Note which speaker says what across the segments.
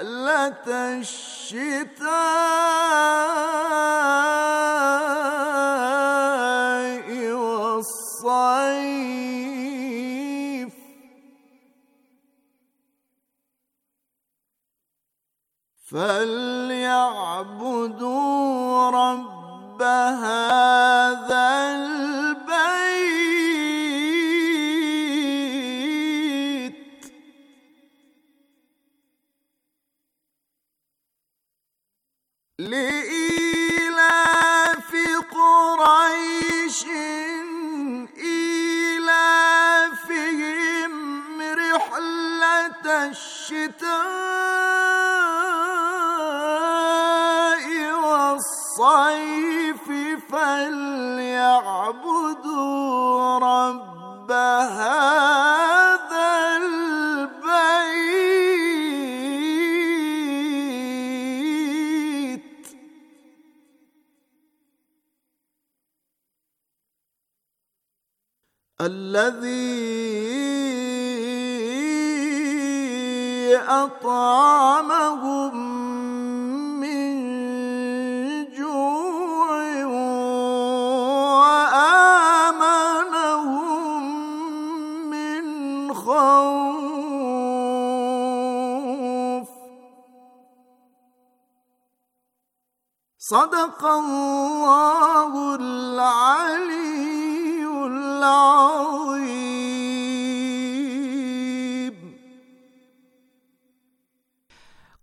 Speaker 1: رحلة الشتاء والصيف فليعبدوا رب هذا الصيف فال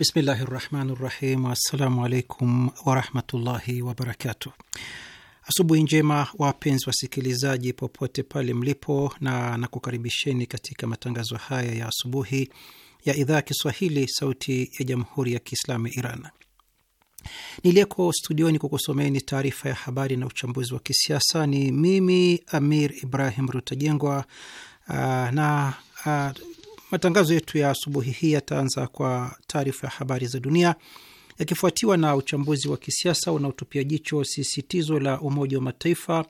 Speaker 2: Bismillahi rahmani rahim. Assalamu alaikum warahmatullahi wabarakatuh. Asubuhi njema wapenzi wasikilizaji, popote pale mlipo, na nakukaribisheni katika matangazo haya ya asubuhi ya idhaa ya Kiswahili sauti ya jamhuri ya Kiislamu ya Iran. Niliyeko studioni kukusomeni taarifa ya habari na uchambuzi wa kisiasa ni mimi Amir Ibrahim Rutajengwa uh, na uh, Matangazo yetu ya asubuhi hii yataanza kwa taarifa ya habari za dunia yakifuatiwa na uchambuzi wa kisiasa unaotupia jicho sisitizo la Umoja wa Mataifa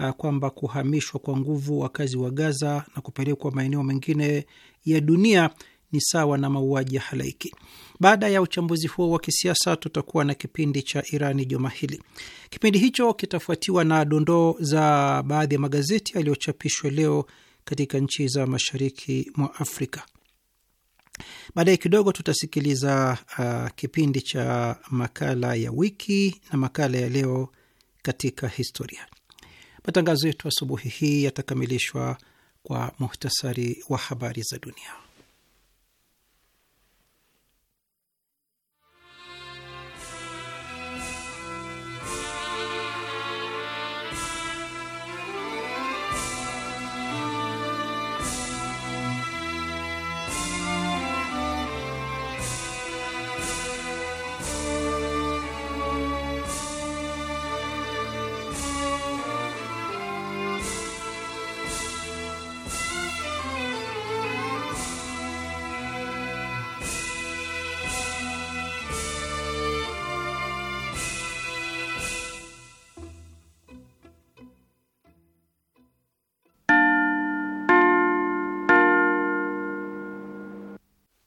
Speaker 2: uh, kwamba kuhamishwa kwa nguvu wakazi wa Gaza na kupelekwa maeneo mengine ya dunia ni sawa na mauaji ya halaiki. Baada ya uchambuzi huo wa kisiasa, tutakuwa na kipindi cha Irani juma hili. Kipindi hicho kitafuatiwa na dondoo za baadhi ya magazeti yaliyochapishwa leo katika nchi za mashariki mwa Afrika. Baadaye kidogo tutasikiliza uh, kipindi cha makala ya wiki na makala ya leo katika historia. Matangazo yetu asubuhi hii yatakamilishwa kwa muhtasari wa habari za dunia.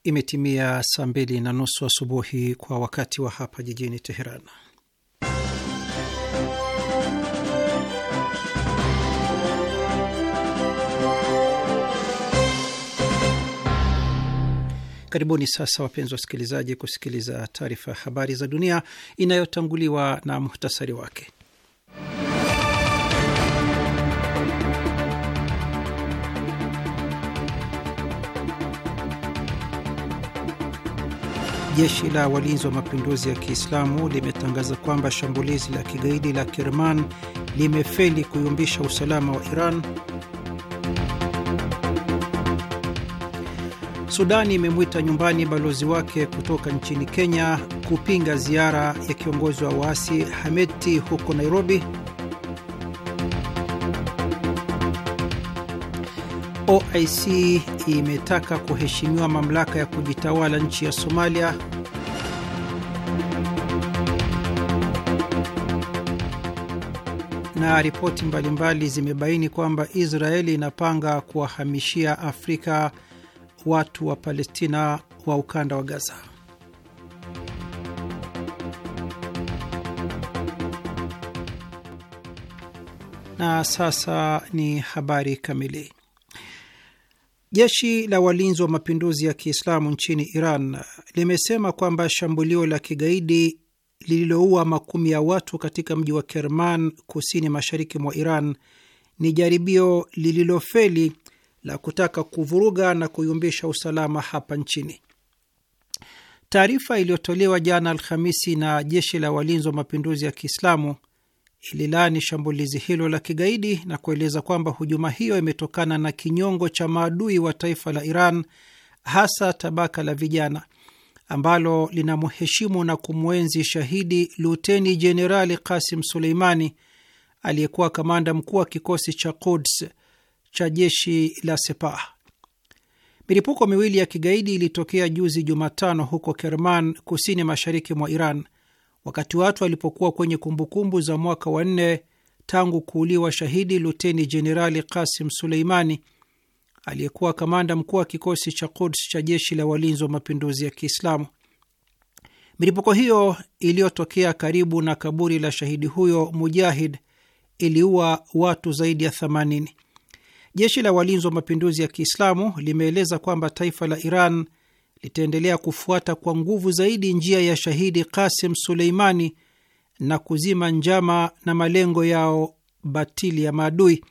Speaker 2: Imetimia saa mbili na nusu asubuhi kwa wakati wa hapa jijini Teheran. Karibuni sasa wapenzi wasikilizaji, kusikiliza taarifa ya habari za dunia inayotanguliwa na muhtasari wake. Jeshi la walinzi wa mapinduzi ya Kiislamu limetangaza kwamba shambulizi la kigaidi la Kirman limefeli kuyumbisha usalama wa Iran. Sudani imemwita nyumbani balozi wake kutoka nchini Kenya kupinga ziara ya kiongozi wa waasi Hameti huko Nairobi. OIC imetaka kuheshimiwa mamlaka ya kujitawala nchi ya Somalia. Na ripoti mbalimbali zimebaini kwamba Israeli inapanga kuwahamishia Afrika watu wa Palestina wa ukanda wa Gaza. Na sasa ni habari kamili. Jeshi la walinzi wa mapinduzi ya Kiislamu nchini Iran limesema kwamba shambulio la kigaidi lililoua makumi ya watu katika mji wa Kerman kusini mashariki mwa Iran ni jaribio lililofeli la kutaka kuvuruga na kuyumbisha usalama hapa nchini. Taarifa iliyotolewa jana Alhamisi na jeshi la walinzi wa mapinduzi ya Kiislamu ililaani shambulizi hilo la kigaidi na kueleza kwamba hujuma hiyo imetokana na kinyongo cha maadui wa taifa la Iran, hasa tabaka la vijana ambalo linamheshimu na kumwenzi shahidi Luteni Jenerali Kasim Suleimani aliyekuwa kamanda mkuu wa kikosi cha Quds cha jeshi la Sepah. Milipuko miwili ya kigaidi ilitokea juzi Jumatano huko Kerman, kusini mashariki mwa Iran, wakati watu walipokuwa kwenye kumbukumbu za mwaka wa nne tangu kuuliwa shahidi Luteni Jenerali Kasim Suleimani aliyekuwa kamanda mkuu wa kikosi cha Quds cha jeshi la walinzi wa mapinduzi ya Kiislamu. Milipuko hiyo iliyotokea karibu na kaburi la shahidi huyo mujahid iliua watu zaidi ya 80. Jeshi la walinzi wa mapinduzi ya Kiislamu limeeleza kwamba taifa la Iran litaendelea kufuata kwa nguvu zaidi njia ya shahidi Kasim Suleimani na kuzima njama na malengo yao batili ya maadui.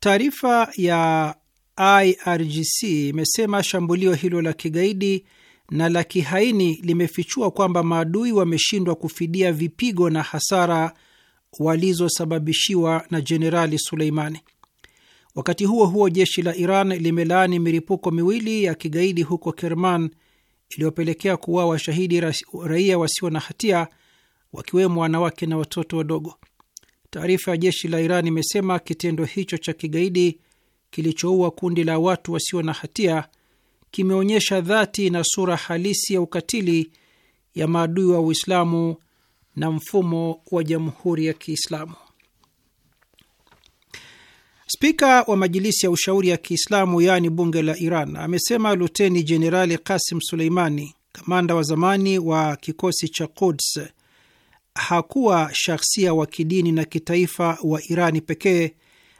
Speaker 2: Taarifa ya IRGC imesema shambulio hilo la kigaidi na la kihaini limefichua kwamba maadui wameshindwa kufidia vipigo na hasara walizosababishiwa na Jenerali Suleimani. Wakati huo huo, jeshi la Iran limelaani milipuko miwili ya kigaidi huko Kerman iliyopelekea kuwa washahidi raia wasio na hatia wakiwemo wanawake na watoto wadogo. Taarifa ya jeshi la Iran imesema kitendo hicho cha kigaidi kilichoua kundi la watu wasio na hatia kimeonyesha dhati na sura halisi ya ukatili ya maadui wa Uislamu na mfumo wa Jamhuri ya Kiislamu. Spika wa Majilisi ya Ushauri ya Kiislamu, yaani bunge la Iran, amesema Luteni Jenerali Kasim Suleimani, kamanda wa zamani wa kikosi cha Quds, hakuwa shahsia wa kidini na kitaifa wa Irani pekee,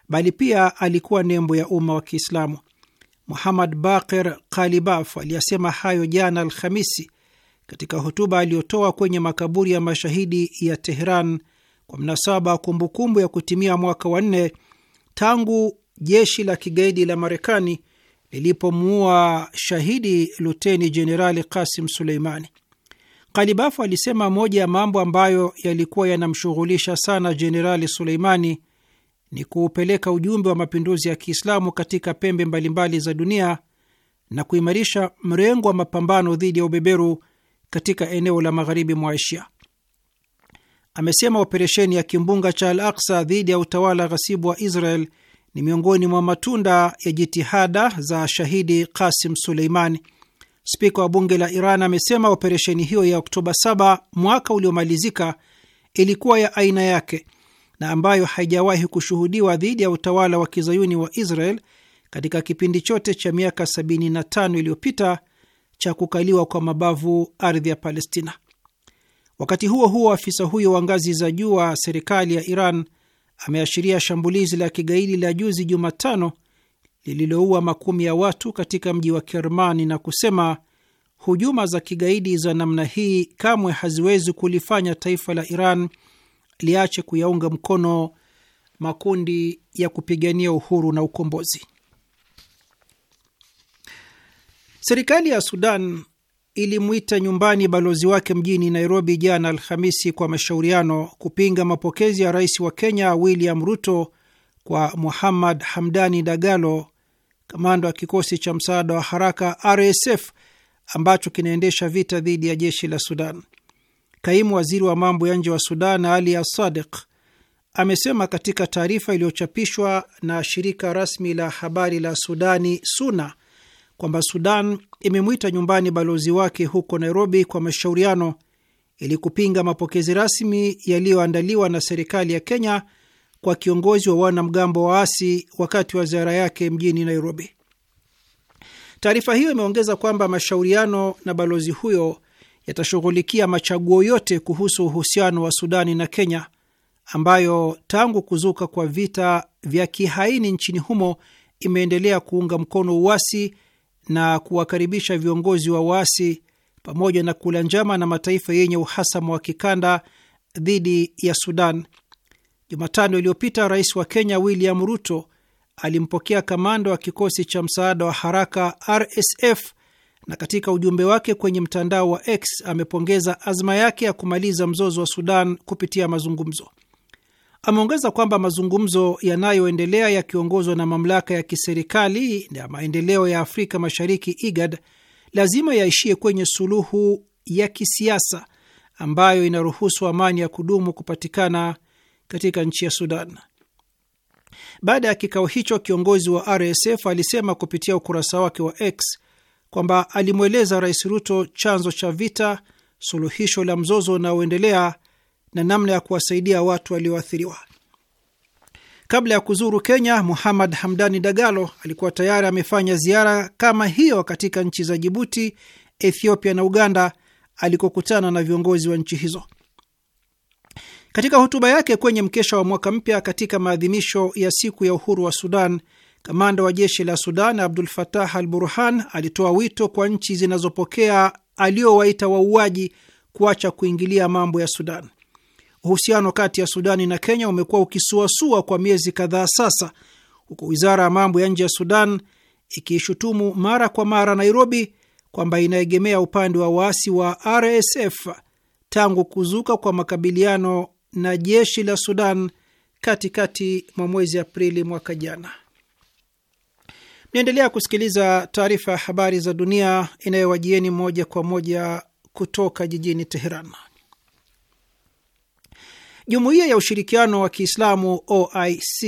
Speaker 2: bali pia alikuwa nembo ya umma wa Kiislamu. Muhamad Bakir Kalibaf aliyasema hayo jana Alhamisi katika hotuba aliyotoa kwenye makaburi ya mashahidi ya Teheran kwa mnasaba wa kumbukumbu ya kutimia mwaka wa nne tangu jeshi la kigaidi la Marekani lilipomuua shahidi luteni jenerali Kasim Suleimani. Kalibafu alisema moja ya mambo ambayo yalikuwa yanamshughulisha sana jenerali Suleimani ni kuupeleka ujumbe wa mapinduzi ya Kiislamu katika pembe mbalimbali za dunia na kuimarisha mrengo wa mapambano dhidi ya ubeberu katika eneo la magharibi mwa Asia amesema operesheni ya kimbunga cha Al Aksa dhidi ya utawala ghasibu wa Israel ni miongoni mwa matunda ya jitihada za shahidi Kasim Suleimani. Spika wa bunge la Iran amesema operesheni hiyo ya Oktoba 7 mwaka uliomalizika ilikuwa ya aina yake na ambayo haijawahi kushuhudiwa dhidi ya utawala wa kizayuni wa Israel katika kipindi chote cha miaka 75 iliyopita cha kukaliwa kwa mabavu ardhi ya Palestina. Wakati huo huo, afisa huyo wa ngazi za juu wa serikali ya Iran ameashiria shambulizi la kigaidi la juzi Jumatano lililoua makumi ya watu katika mji wa Kermani na kusema hujuma za kigaidi za namna hii kamwe haziwezi kulifanya taifa la Iran liache kuyaunga mkono makundi ya kupigania uhuru na ukombozi. Serikali ya Sudan ilimwita nyumbani balozi wake mjini Nairobi jana Alhamisi kwa mashauriano kupinga mapokezi ya rais wa Kenya William Ruto kwa Muhammad Hamdani Dagalo, kamanda wa kikosi cha msaada wa haraka RSF ambacho kinaendesha vita dhidi ya jeshi la Sudan. Kaimu waziri wa mambo ya nje wa Sudan Ali Assadiq amesema katika taarifa iliyochapishwa na shirika rasmi la habari la Sudani SUNA kwamba Sudan imemwita nyumbani balozi wake huko Nairobi kwa mashauriano ili kupinga mapokezi rasmi yaliyoandaliwa na serikali ya Kenya kwa kiongozi wa wanamgambo waasi wakati wa ziara yake mjini Nairobi. Taarifa hiyo imeongeza kwamba mashauriano na balozi huyo yatashughulikia machaguo yote kuhusu uhusiano wa Sudani na Kenya ambayo tangu kuzuka kwa vita vya kihaini nchini humo imeendelea kuunga mkono uasi na kuwakaribisha viongozi wa waasi pamoja na kula njama na mataifa yenye uhasama wa kikanda dhidi ya Sudan. Jumatano iliyopita rais wa Kenya William Ruto alimpokea kamanda wa kikosi cha msaada wa haraka RSF, na katika ujumbe wake kwenye mtandao wa X amepongeza azma yake ya kumaliza mzozo wa Sudan kupitia mazungumzo. Ameongeza kwamba mazungumzo yanayoendelea yakiongozwa na mamlaka ya kiserikali na maendeleo ya Afrika Mashariki, IGAD, lazima yaishie kwenye suluhu ya kisiasa ambayo inaruhusu amani ya kudumu kupatikana katika nchi ya Sudan. Baada ya kikao hicho, kiongozi wa RSF alisema kupitia ukurasa wake wa X kwamba alimweleza Rais Ruto chanzo cha vita, suluhisho la mzozo unaoendelea na namna ya kuwasaidia watu walioathiriwa. Kabla ya kuzuru Kenya, muhamad Hamdani Dagalo alikuwa tayari amefanya ziara kama hiyo katika nchi za Jibuti, Ethiopia na Uganda alikokutana na viongozi wa nchi hizo. Katika hotuba yake kwenye mkesha wa mwaka mpya katika maadhimisho ya siku ya uhuru wa Sudan, kamanda wa jeshi la Sudan Abdul Fatah Al Burhan alitoa wito kwa nchi zinazopokea aliowaita wauaji kuacha kuingilia mambo ya Sudan. Uhusiano kati ya Sudani na Kenya umekuwa ukisuasua kwa miezi kadhaa sasa, huku wizara ya mambo ya nje ya Sudan ikiishutumu mara kwa mara Nairobi kwamba inaegemea upande wa waasi wa RSF tangu kuzuka kwa makabiliano na jeshi la Sudan katikati mwa mwezi Aprili mwaka jana. Mnaendelea kusikiliza taarifa ya habari za dunia inayowajieni moja kwa moja kutoka jijini Teheran. Jumuiya ya Ushirikiano wa Kiislamu OIC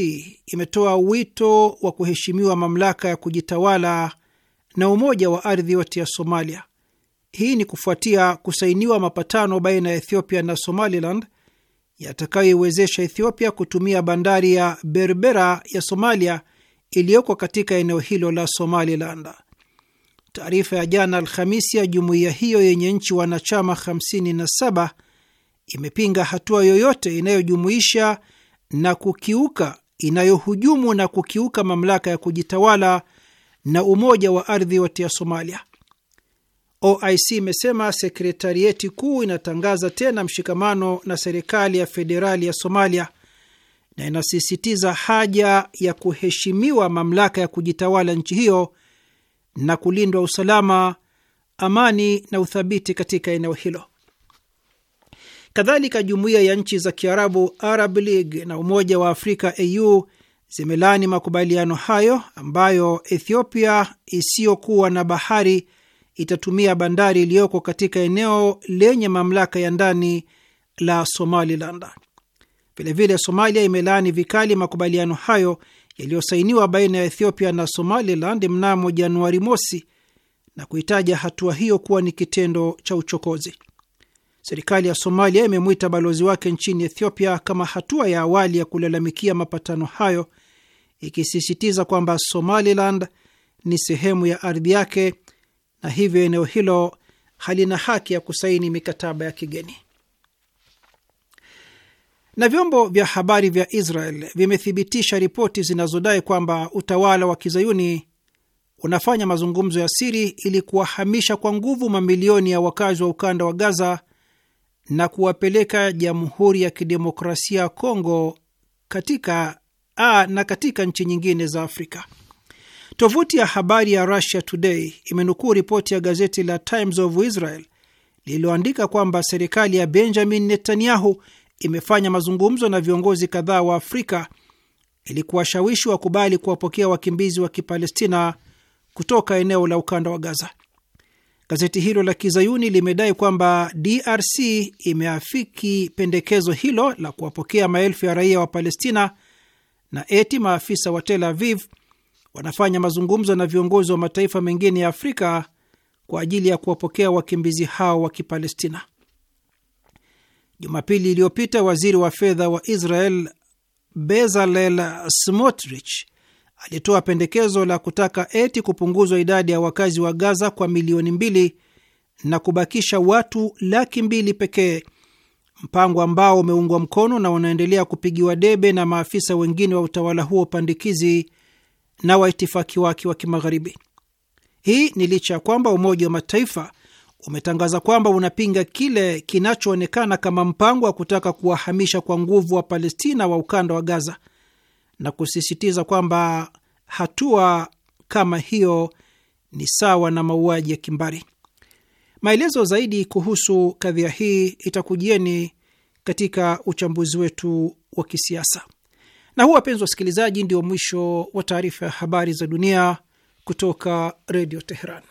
Speaker 2: imetoa wito wa kuheshimiwa mamlaka ya kujitawala na umoja wa ardhi yote ya Somalia. Hii ni kufuatia kusainiwa mapatano baina ya Ethiopia na Somaliland yatakayoiwezesha Ethiopia kutumia bandari ya Berbera ya Somalia iliyoko katika eneo hilo la Somaliland. Taarifa ya jana Alhamisi ya jumuiya hiyo yenye nchi wanachama 57 imepinga hatua yoyote inayojumuisha na kukiuka inayohujumu na kukiuka mamlaka ya kujitawala na umoja wa ardhi wote ya Somalia. OIC imesema sekretarieti kuu inatangaza tena mshikamano na serikali ya federali ya Somalia na inasisitiza haja ya kuheshimiwa mamlaka ya kujitawala nchi hiyo na kulindwa usalama, amani na uthabiti katika eneo hilo. Kadhalika, jumuiya ya nchi za Kiarabu, Arab League, na Umoja wa Afrika AU zimelaani makubaliano hayo ambayo Ethiopia isiyokuwa na bahari itatumia bandari iliyoko katika eneo lenye mamlaka ya ndani la Somaliland. Vilevile, Somalia imelaani vikali makubaliano hayo yaliyosainiwa baina ya Ethiopia na Somaliland mnamo Januari mosi na kuitaja hatua hiyo kuwa ni kitendo cha uchokozi. Serikali ya Somalia imemwita balozi wake nchini Ethiopia kama hatua ya awali ya kulalamikia mapatano hayo, ikisisitiza kwamba Somaliland ni sehemu ya ardhi yake na hivyo eneo hilo halina haki ya kusaini mikataba ya kigeni. Na vyombo vya habari vya Israel vimethibitisha ripoti zinazodai kwamba utawala wa kizayuni unafanya mazungumzo ya siri ili kuwahamisha kwa nguvu mamilioni ya wakazi wa ukanda wa Gaza na kuwapeleka Jamhuri ya Kidemokrasia ya Kongo katika a, na katika nchi nyingine za Afrika. Tovuti ya habari ya Russia Today imenukuu ripoti ya gazeti la Times of Israel lililoandika kwamba serikali ya Benjamin Netanyahu imefanya mazungumzo na viongozi kadhaa wa Afrika ili kuwashawishi wakubali kuwapokea wakimbizi wa Kipalestina kutoka eneo la ukanda wa Gaza. Gazeti hilo la kizayuni limedai kwamba DRC imeafiki pendekezo hilo la kuwapokea maelfu ya raia wa Palestina na eti maafisa wa Tel Aviv wanafanya mazungumzo na viongozi wa mataifa mengine ya Afrika kwa ajili ya kuwapokea wakimbizi hao wa Kipalestina. Jumapili iliyopita waziri wa fedha wa Israel Bezalel Smotrich alitoa pendekezo la kutaka eti kupunguzwa idadi ya wakazi wa Gaza kwa milioni mbili na kubakisha watu laki mbili pekee, mpango ambao umeungwa mkono na unaendelea kupigiwa debe na maafisa wengine wa utawala huo pandikizi na waitifaki wake wa Kimagharibi. Hii ni licha ya kwamba Umoja wa Mataifa umetangaza kwamba unapinga kile kinachoonekana kama mpango wa kutaka kuwahamisha kwa nguvu wa Palestina wa ukanda wa Gaza na kusisitiza kwamba hatua kama hiyo ni sawa na mauaji ya kimbari. Maelezo zaidi kuhusu kadhia hii itakujieni katika uchambuzi wetu wa kisiasa. Na huu, wapenzi wasikilizaji, ndio mwisho wa taarifa ya habari za dunia kutoka Redio Teheran.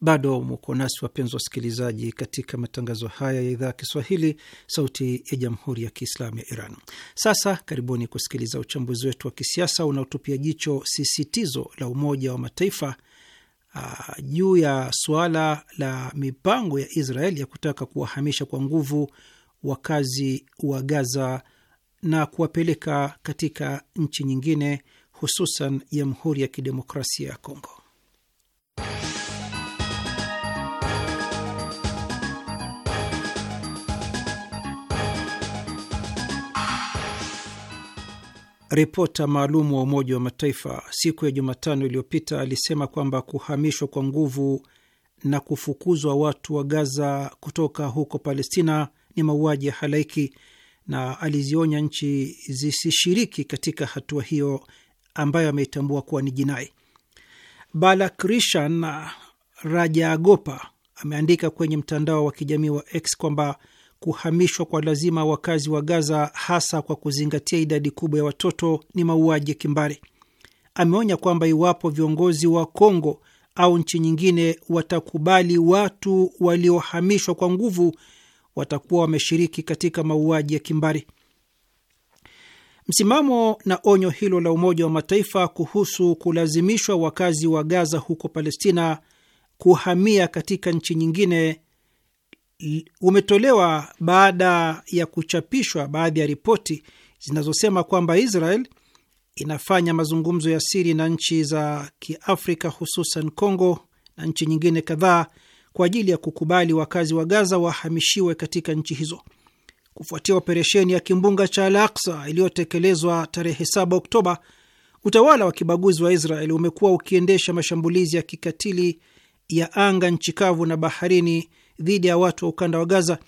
Speaker 2: Bado muko nasi wapenzi wasikilizaji, katika matangazo haya ya idhaa ya Kiswahili, Sauti ya Jamhuri ya Kiislamu ya Iran. Sasa karibuni kusikiliza uchambuzi wetu wa kisiasa unaotupia jicho sisitizo la Umoja wa Mataifa uh, juu ya suala la mipango ya Israel ya kutaka kuwahamisha kwa nguvu wakazi wa Gaza na kuwapeleka katika nchi nyingine, hususan Jamhuri ya Kidemokrasia ya Kongo. Ripota maalum wa Umoja wa Mataifa siku ya Jumatano iliyopita alisema kwamba kuhamishwa kwa nguvu na kufukuzwa watu wa Gaza kutoka huko Palestina ni mauaji ya halaiki na alizionya nchi zisishiriki katika hatua hiyo ambayo ameitambua kuwa ni jinai. Balakrishan Rajagopa ameandika kwenye mtandao wa kijamii wa X kwamba kuhamishwa kwa lazima wakazi wa Gaza, hasa kwa kuzingatia idadi kubwa ya watoto, ni mauaji ya kimbari. Ameonya kwamba iwapo viongozi wa Kongo au nchi nyingine watakubali watu waliohamishwa kwa nguvu, watakuwa wameshiriki katika mauaji ya kimbari. Msimamo na onyo hilo la Umoja wa Mataifa kuhusu kulazimishwa wakazi wa Gaza huko Palestina kuhamia katika nchi nyingine umetolewa baada ya kuchapishwa baadhi ya ripoti zinazosema kwamba Israel inafanya mazungumzo ya siri na nchi za Kiafrika hususan congo na nchi nyingine kadhaa kwa ajili ya kukubali wakazi wa Gaza wahamishiwe katika nchi hizo kufuatia operesheni ya kimbunga cha Al-Aqsa iliyotekelezwa tarehe 7 Oktoba. Utawala wa kibaguzi wa Israel umekuwa ukiendesha mashambulizi ya kikatili ya anga, nchi kavu na baharini dhidi ya watu wa ukanda wa Gaza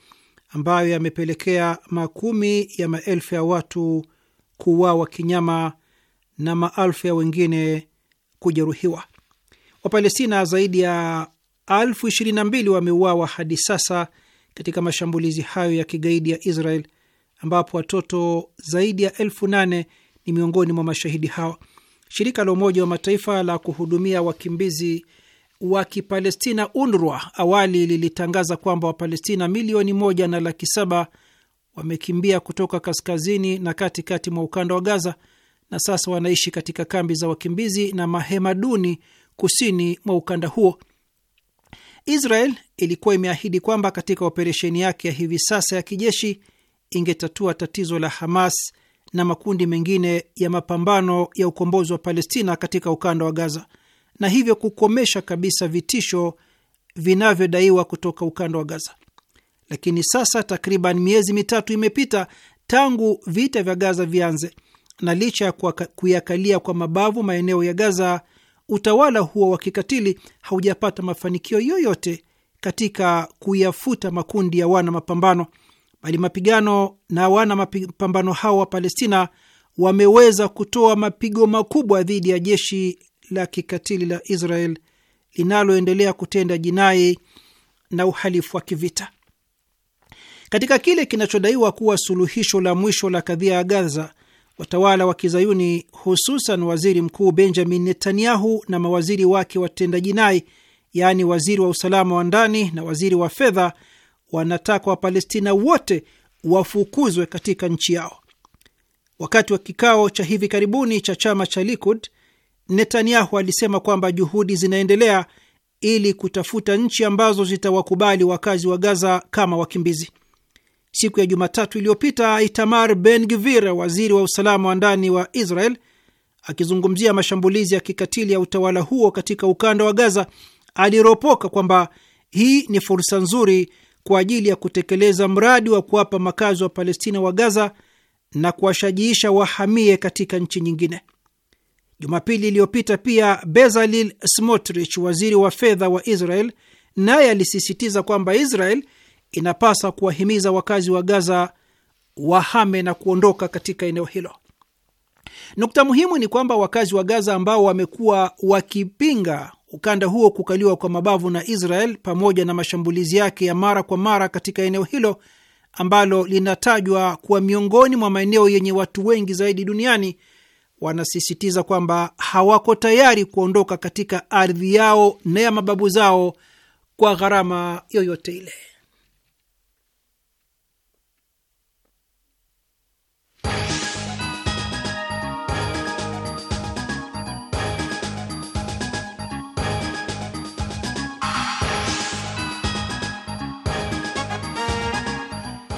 Speaker 2: ambayo yamepelekea makumi ya maelfu ya watu kuuawa kinyama na maelfu ya wengine kujeruhiwa. Wapalestina zaidi ya elfu ishirini na mbili wameuawa hadi sasa katika mashambulizi hayo ya kigaidi ya Israel, ambapo watoto zaidi ya elfu nane ni miongoni mwa mashahidi hawa. Shirika la Umoja wa Mataifa la kuhudumia wakimbizi wa Kipalestina UNRWA awali lilitangaza kwamba Wapalestina milioni moja na laki saba wamekimbia kutoka kaskazini na katikati mwa ukanda wa Gaza na sasa wanaishi katika kambi za wakimbizi na mahema duni kusini mwa ukanda huo. Israel ilikuwa imeahidi kwamba katika operesheni yake ya hivi sasa ya kijeshi ingetatua tatizo la Hamas na makundi mengine ya mapambano ya ukombozi wa Palestina katika ukanda wa Gaza na hivyo kukomesha kabisa vitisho vinavyodaiwa kutoka ukanda wa Gaza. Lakini sasa takriban miezi mitatu imepita tangu vita vya Gaza vianze, na licha ya kuyakalia kwa mabavu maeneo ya Gaza, utawala huo wa kikatili haujapata mafanikio yoyote katika kuyafuta makundi ya wana mapambano, bali mapigano na wana mapambano hao wa Palestina wameweza kutoa mapigo makubwa dhidi ya jeshi la kikatili la Israel linaloendelea kutenda jinai na uhalifu wa kivita. Katika kile kinachodaiwa kuwa suluhisho la mwisho la kadhia ya Gaza, watawala wa kizayuni hususan waziri mkuu Benjamin Netanyahu na mawaziri wake watenda jinai, yaani waziri wa usalama wa ndani na waziri wa fedha, wanataka Wapalestina wote wafukuzwe katika nchi yao. Wakati wa kikao cha hivi karibuni cha chama cha Likud, Netanyahu alisema kwamba juhudi zinaendelea ili kutafuta nchi ambazo zitawakubali wakazi wa Gaza kama wakimbizi. Siku ya Jumatatu iliyopita, Itamar Ben Gvir, waziri wa usalama wa ndani wa Israel, akizungumzia mashambulizi ya kikatili ya utawala huo katika ukanda wa Gaza, aliropoka kwamba hii ni fursa nzuri kwa ajili ya kutekeleza mradi wa kuwapa makazi wa Palestina wa Gaza na kuwashajiisha wahamie katika nchi nyingine. Jumapili iliyopita pia, Bezalel Smotrich, waziri wa fedha wa Israel, naye alisisitiza kwamba Israel inapasa kuwahimiza wakazi wa Gaza wahame na kuondoka katika eneo hilo. Nukta muhimu ni kwamba wakazi wa Gaza ambao wamekuwa wakipinga ukanda huo kukaliwa kwa mabavu na Israel pamoja na mashambulizi yake ya mara kwa mara katika eneo hilo ambalo linatajwa kuwa miongoni mwa maeneo yenye watu wengi zaidi duniani wanasisitiza kwamba hawako tayari kuondoka katika ardhi yao na ya mababu zao kwa gharama yoyote ile.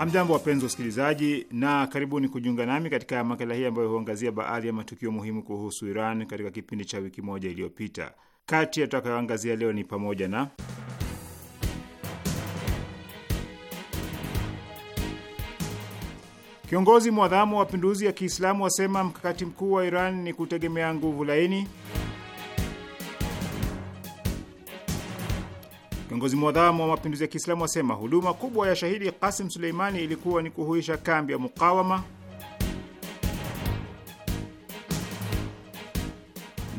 Speaker 3: Hamjambo, wapenzi wasikilizaji, na karibuni kujiunga nami katika makala hii ambayo huangazia baadhi ya matukio muhimu kuhusu Iran katika kipindi cha wiki moja iliyopita. Kati ya tutakayoangazia leo ni pamoja na kiongozi mwadhamu wa mapinduzi ya Kiislamu wasema mkakati mkuu wa Iran ni kutegemea nguvu laini Kiongozi mwadhamu wa mapinduzi ya Kiislamu wasema huduma kubwa ya shahidi Kasim Suleimani ilikuwa ni kuhuisha kambi ya mukawama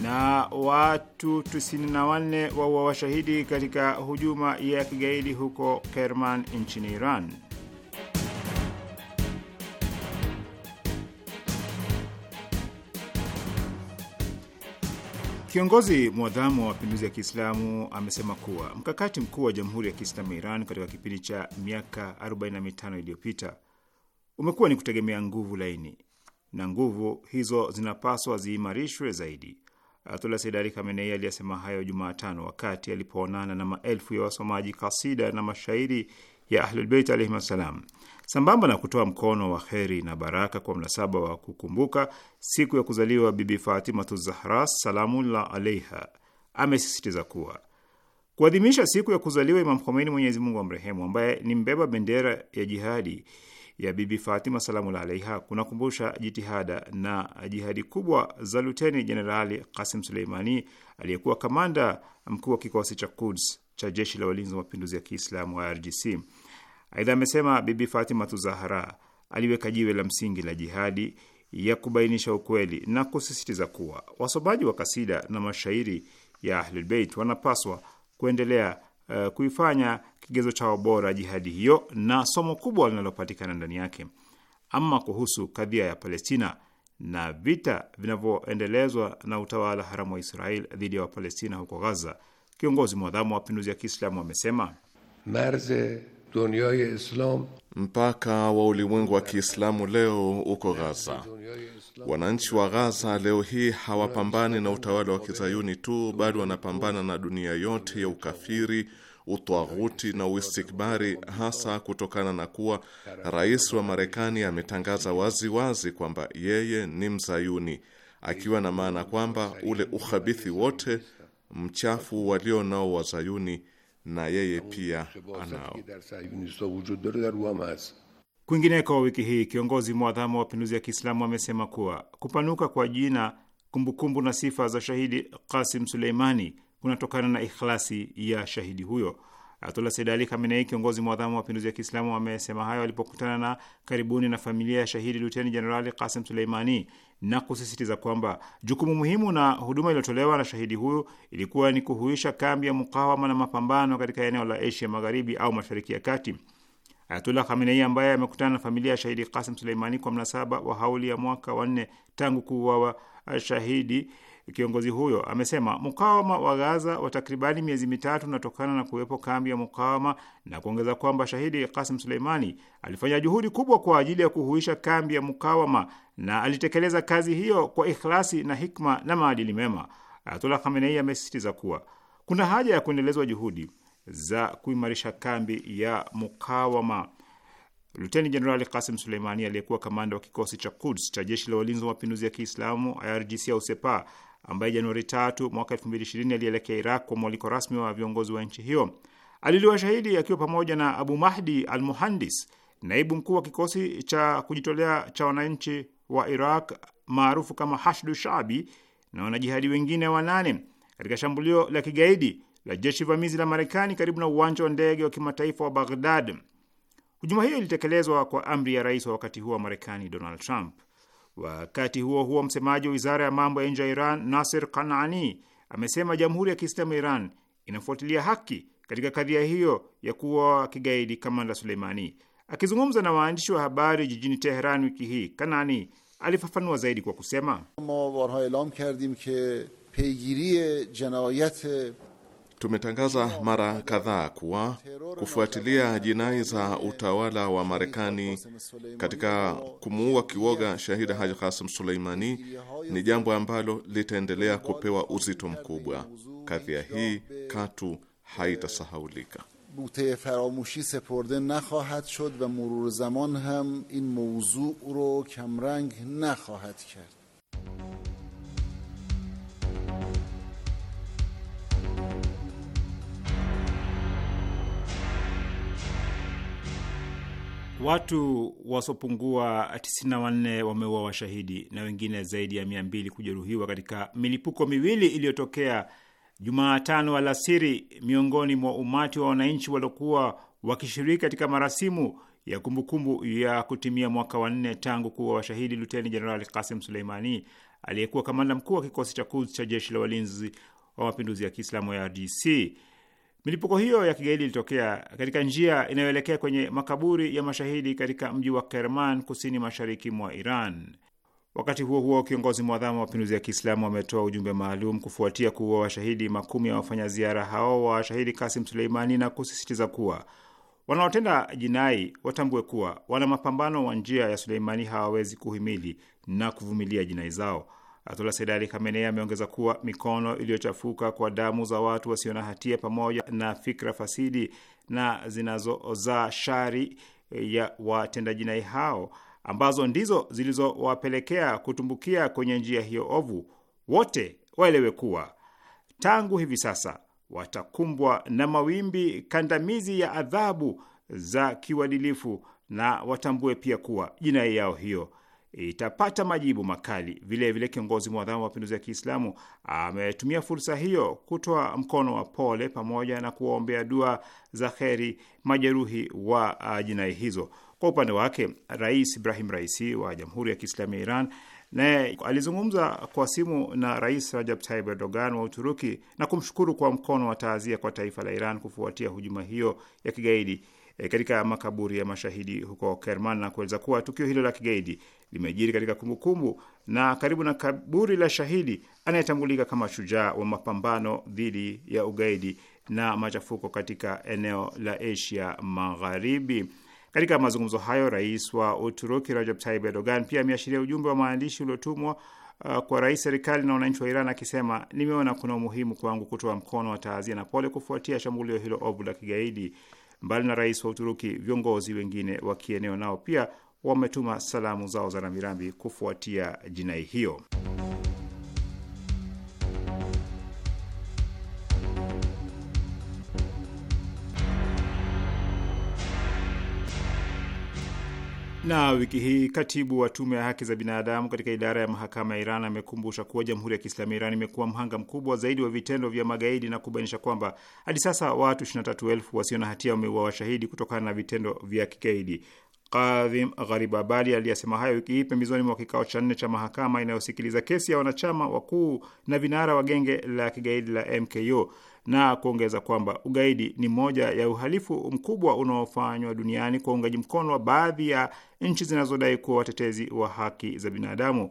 Speaker 3: na watu 94 waua washahidi katika hujuma ya kigaidi huko Kerman nchini Iran. Kiongozi mwadhamu wa mapinduzi ya Kiislamu amesema kuwa mkakati mkuu wa Jamhuri ya Kiislamu ya Iran katika kipindi cha miaka 45 iliyopita umekuwa ni kutegemea nguvu laini na nguvu hizo zinapaswa ziimarishwe zaidi. Ayatullah Sayyid Ali Khamenei aliyesema hayo Jumatano wakati alipoonana na maelfu ya wasomaji kasida na mashairi ya Ahlulbeit alaihim wassalam, sambamba na kutoa mkono wa kheri na baraka kwa mnasaba wa kukumbuka siku ya kuzaliwa Bibi Fatimatu Zahra salamullah alaiha. Amesisitiza kuwa kuadhimisha siku ya kuzaliwa Imam Khomeini, Mwenyezi Mungu amrehemu, ambaye ni mbeba bendera ya jihadi ya Bibi Fatima salamullah alaiha kunakumbusha jitihada na jihadi kubwa za Luteni Jenerali Kasim Suleimani aliyekuwa kamanda mkuu wa kikosi cha Kuds cha jeshi la walinzi wa mapinduzi ya Kiislamu wa IRGC Aidha amesema Bibi Fatima Tuzahara aliweka jiwe la msingi la jihadi ya kubainisha ukweli na kusisitiza kuwa wasomaji wa kasida na mashairi ya Ahlulbeit wanapaswa kuendelea uh, kuifanya kigezo chao bora jihadi hiyo na somo kubwa linalopatikana ndani yake. Ama kuhusu kadhia ya Palestina na vita vinavyoendelezwa na utawala haramu wa Israel dhidi ya Wapalestina huko Ghaza, kiongozi mwadhamu wa mapinduzi ya Kiislamu amesema marze Islam. Mpaka wa ulimwengu wa Kiislamu leo uko Gaza. Wananchi wa Gaza leo hii hawapambani na utawala wa kizayuni tu, bali wanapambana na dunia yote ya ukafiri, utwaghuti na uistikbari, hasa kutokana na kuwa rais wa Marekani ametangaza waziwazi kwamba yeye ni mzayuni, akiwa na maana kwamba ule ukhabithi wote mchafu walio nao wazayuni na yeye pia anao. Kwingineko wiki hii, kiongozi mwadhamu wa mapinduzi ya Kiislamu amesema kuwa kupanuka kwa jina, kumbukumbu na sifa za shahidi Qasim Suleimani kunatokana na ikhlasi ya shahidi huyo. Ayatullah Sayyid Ali Khamenei, kiongozi mwadhamu wa mapinduzi ya Kiislamu, amesema hayo alipokutana na karibuni na familia ya shahidi luteni jenerali Qasim Suleimani na kusisitiza kwamba jukumu muhimu na huduma iliyotolewa na shahidi huyu ilikuwa ni kuhuisha kambi ya mukawama na mapambano katika eneo la Asia Magharibi au Mashariki ya Kati. Ayatullah Khamenei ambaye amekutana na familia ya shahidi Kasim Suleimani kwa mnasaba wa hauli ya mwaka wanne tangu kuuawa shahidi Kiongozi huyo amesema mukawama wa Gaza wa takribani miezi mitatu unatokana na kuwepo kambi ya mukawama na kuongeza kwamba shahidi Kasim Suleimani alifanya juhudi kubwa kwa ajili ya kuhuisha kambi ya mukawama na alitekeleza kazi hiyo kwa ikhlasi na hikma na maadili mema. Ayatullah Khamenei amesisitiza kuwa kuna haja ya kuendelezwa juhudi za kuimarisha kambi ya mukawama. Luteni Jenerali Kasim Suleimani aliyekuwa kamanda wa kikosi cha Kuds cha jeshi la walinzi wa mapinduzi ya Kiislamu IRGC au Sepa ambaye Januari tatu mwaka elfu mbili ishirini alielekea Iraq kwa mwaliko rasmi wa viongozi wa nchi hiyo. Aliliwa shahidi akiwa pamoja na Abu Mahdi al Muhandis, naibu mkuu wa kikosi cha kujitolea cha wananchi wa Iraq maarufu kama Hashdu Shabi na wanajihadi wengine wanane katika shambulio la kigaidi la jeshi vamizi la Marekani karibu na uwanja wa ndege wa kimataifa wa Baghdad. Hujuma hiyo ilitekelezwa kwa amri ya rais wa wakati huo wa Marekani, Donald Trump. Wakati huo huo, msemaji wa wizara ya mambo ya nje ya Iran Nasir Kanani amesema jamhuri ya Kiislamu ya Iran inafuatilia haki katika kadhia hiyo ya kuwa kigaidi kamanda Suleimani. Akizungumza na waandishi wa habari jijini Teheran wiki hii, Kanani alifafanua zaidi kwa kusema
Speaker 2: ma barha elam kardim ke peygiri jinayat
Speaker 3: Tumetangaza mara kadhaa kuwa kufuatilia jinai za utawala wa Marekani katika kumuua kiwoga shahida Haji Kasim Suleimani ni jambo ambalo litaendelea kupewa uzito mkubwa. Kadhia hii katu haitasahaulika.
Speaker 1: bute faramushi seporde nakhahad shod va murur zaman ham in mawzu ro kamrang nakhahad kard
Speaker 3: Watu wasiopungua 94 wameua washahidi na wengine zaidi ya 200 kujeruhiwa katika milipuko miwili iliyotokea Jumatano alasiri miongoni mwa umati wa wananchi waliokuwa wakishiriki katika marasimu ya kumbukumbu kumbu ya kutimia mwaka wa nne tangu kuwa washahidi Luteni Jenerali Kasim Suleimani aliyekuwa kamanda mkuu wa kikosi cha Quds cha jeshi la walinzi wa mapinduzi ya Kiislamu ya RDC. Milipuko hiyo ya kigaidi ilitokea katika njia inayoelekea kwenye makaburi ya mashahidi katika mji wa Kerman, kusini mashariki mwa Iran. Wakati huo huo, kiongozi mwadhamu wa mapinduzi ya Kiislamu wametoa ujumbe maalum kufuatia kuwa washahidi makumi ya wafanyaziara hao wa shahidi Kasim Suleimani na kusisitiza kuwa wanaotenda jinai watambue kuwa wana mapambano wa njia ya Suleimani hawawezi kuhimili na kuvumilia jinai zao. Ayatollah Said Ali Khamenei ameongeza kuwa mikono iliyochafuka kwa damu za watu wasio na hatia pamoja na fikra fasidi na zinazozaa shari eh, ya watenda jinai hao ambazo ndizo zilizowapelekea kutumbukia kwenye njia hiyo ovu, wote waelewe kuwa tangu hivi sasa watakumbwa na mawimbi kandamizi ya adhabu za kiuadilifu, na watambue pia kuwa jinai yao hiyo itapata majibu makali. Vilevile, kiongozi mwadhamu wa mapinduzi ya Kiislamu ametumia fursa hiyo kutoa mkono wa pole pamoja na kuwaombea dua za kheri majeruhi wa uh, jinai hizo. Kwa upande wake, Rais Ibrahim Raisi wa Jamhuri ya Kiislamu ya Iran naye alizungumza kwa simu na Rais Rajab Tayyip Erdogan wa Uturuki na kumshukuru kwa mkono wa taazia kwa taifa la Iran kufuatia hujuma hiyo ya kigaidi eh, katika makaburi ya mashahidi huko Kerman na kueleza kuwa tukio hilo la kigaidi limejiri katika kumbukumbu na karibu na kaburi la shahidi anayetambulika kama shujaa wa mapambano dhidi ya ugaidi na machafuko katika eneo la Asia Magharibi. Katika mazungumzo hayo, rais wa Uturuki Rajab Tayyip Erdogan pia ameashiria ujumbe wa maandishi uliotumwa uh, kwa rais, serikali na wananchi wa Iran akisema, nimeona kuna umuhimu kwangu kutoa mkono wa taazia na pole kufuatia shambulio hilo ovu la kigaidi. Mbali na rais wa Uturuki, viongozi wengine wa kieneo nao pia wametuma salamu zao za rambirambi kufuatia jinai hiyo. Na wiki hii katibu wa tume ya haki za binadamu katika idara ya mahakama ya Iran amekumbusha kuwa jamhuri ya Kiislamu ya Iran imekuwa mhanga mkubwa zaidi wa vitendo vya magaidi na kubainisha kwamba hadi sasa watu 23,000 wasio na hatia wameuawa washahidi kutokana na vitendo vya kigaidi Kadhim Gharibabadi aliyasema hayo wiki hii pembezoni mwa kikao cha nne cha mahakama inayosikiliza kesi ya wanachama wakuu na vinara wa genge la kigaidi la MKO na kuongeza kwamba ugaidi ni moja ya uhalifu mkubwa unaofanywa duniani kwa uungaji mkono wa baadhi ya nchi zinazodai kuwa watetezi wa haki za binadamu.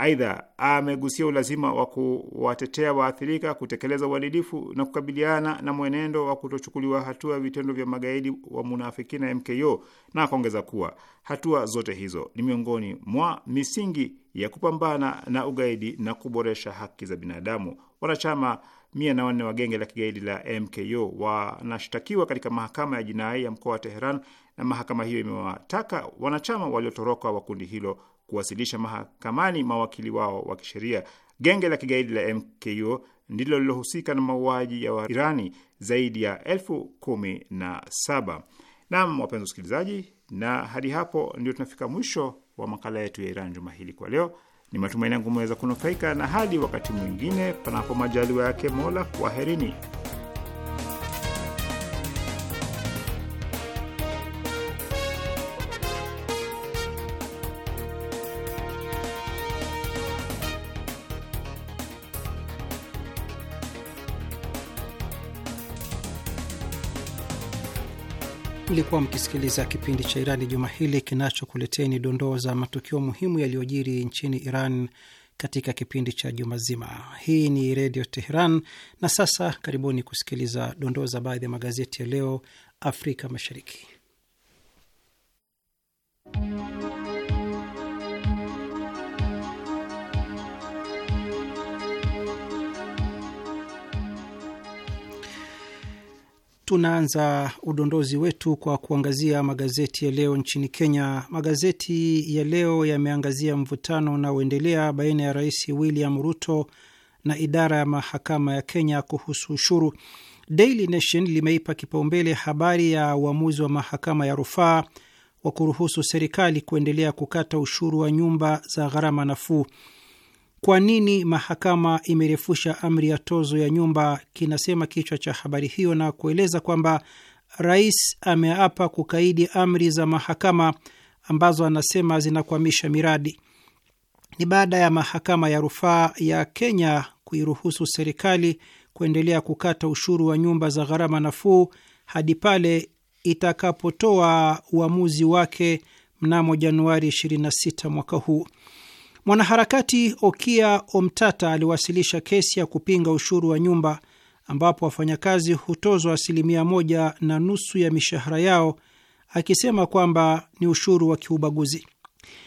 Speaker 3: Aidha, amegusia ulazima wa kuwatetea waathirika, kutekeleza uadilifu na kukabiliana na mwenendo wa kutochukuliwa hatua ya vitendo vya magaidi wa munafiki na MKO, na akaongeza kuwa hatua zote hizo ni miongoni mwa misingi ya kupambana na ugaidi na kuboresha haki za binadamu. Wanachama mia na wanne wa genge la kigaidi la MKO wanashtakiwa katika mahakama ya jinai ya mkoa wa Teheran, na mahakama hiyo imewataka wanachama waliotoroka wa kundi hilo kuwasilisha mahakamani mawakili wao wa kisheria. Genge la kigaidi la MKO ndilo lilohusika na mauaji ya Wairani zaidi ya elfu kumi na saba. Naam, wapenzi wasikilizaji, na hadi hapo ndio tunafika mwisho wa makala yetu ya Iran juma hili kwa leo. Ni matumaini yangu umeweza kunufaika, na hadi wakati mwingine, panapo majaliwa yake Mola, kwaherini.
Speaker 2: Mlikuwa mkisikiliza kipindi cha Irani juma hili kinachokuleteni dondoo za matukio muhimu yaliyojiri nchini Iran katika kipindi cha juma zima. Hii ni Redio Teheran. Na sasa karibuni kusikiliza dondoo za baadhi ya magazeti ya leo Afrika Mashariki. Tunaanza udondozi wetu kwa kuangazia magazeti ya leo nchini Kenya. Magazeti ya leo yameangazia mvutano unaoendelea baina ya Rais William Ruto na idara ya mahakama ya Kenya kuhusu ushuru. Daily Nation limeipa kipaumbele habari ya uamuzi wa mahakama ya rufaa wa kuruhusu serikali kuendelea kukata ushuru wa nyumba za gharama nafuu. Kwa nini mahakama imerefusha amri ya tozo ya nyumba, kinasema kichwa cha habari hiyo, na kueleza kwamba rais ameapa kukaidi amri za mahakama ambazo anasema zinakwamisha miradi. Ni baada ya mahakama ya rufaa ya Kenya kuiruhusu serikali kuendelea kukata ushuru wa nyumba za gharama nafuu hadi pale itakapotoa uamuzi wake mnamo Januari 26 mwaka huu. Mwanaharakati Okia Omtata aliwasilisha kesi ya kupinga ushuru wa nyumba ambapo wafanyakazi hutozwa asilimia moja na nusu ya mishahara yao, akisema kwamba ni ushuru wa kiubaguzi.